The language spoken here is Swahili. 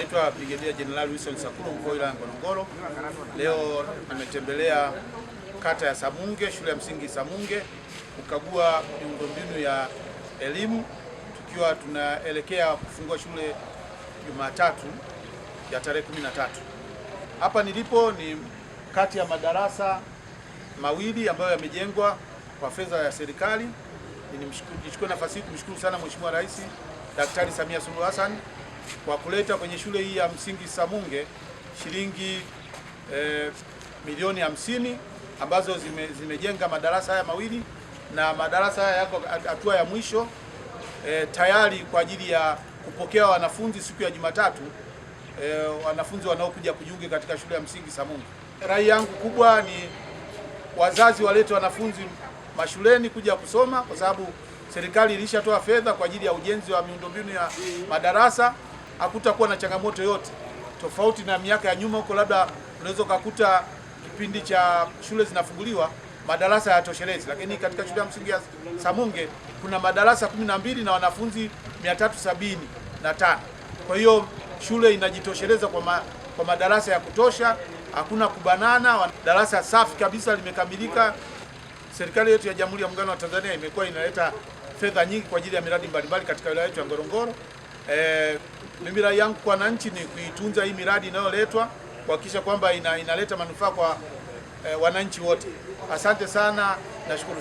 Naitwa Brigedia Jenerali Wilson Sakulu, mkuu wa wilaya Ngorongoro. Leo nimetembelea kata ya Samunge, shule ya msingi Samunge, kukagua miundombinu ya elimu, tukiwa tunaelekea kufungua shule Jumatatu ya tarehe 13. Hapa nilipo ni kati ya madarasa mawili ambayo yamejengwa kwa fedha ya serikali. Nichukue nafasi hii kumshukuru sana Mheshimiwa Rais Daktari Samia Suluhu Hassan kwa kuleta kwenye shule hii ya msingi Samunge shilingi eh, milioni hamsini ambazo zime, zimejenga madarasa haya mawili na madarasa haya yako hatua ya mwisho eh, tayari kwa ajili ya kupokea wanafunzi siku ya Jumatatu eh, wanafunzi wanaokuja kujiunga katika shule ya msingi Samunge. Rai yangu kubwa ni wazazi walete wanafunzi mashuleni kuja kusoma kwa sababu serikali ilishatoa fedha kwa ajili ya ujenzi wa miundombinu ya madarasa hakutakuwa na changamoto yote, tofauti na miaka ya nyuma huko, labda unaweza ukakuta kipindi cha shule zinafunguliwa madarasa hayatoshelezi, lakini katika shule ya msingi ya Samunge kuna madarasa kumi na mbili na wanafunzi mia tatu sabini na tano. Kwa hiyo shule inajitosheleza kwa, ma, kwa madarasa ya kutosha, hakuna kubanana, darasa safi kabisa limekamilika. Serikali yetu ya Jamhuri ya Muungano wa Tanzania imekuwa inaleta fedha nyingi kwa ajili ya miradi mbalimbali katika wilaya yetu ya Ngorongoro. E, mimi rai yangu kwa wananchi ni kuitunza hii miradi inayoletwa kuhakikisha kwamba ina, inaleta manufaa kwa e, wananchi wote. Asante sana, nashukuru.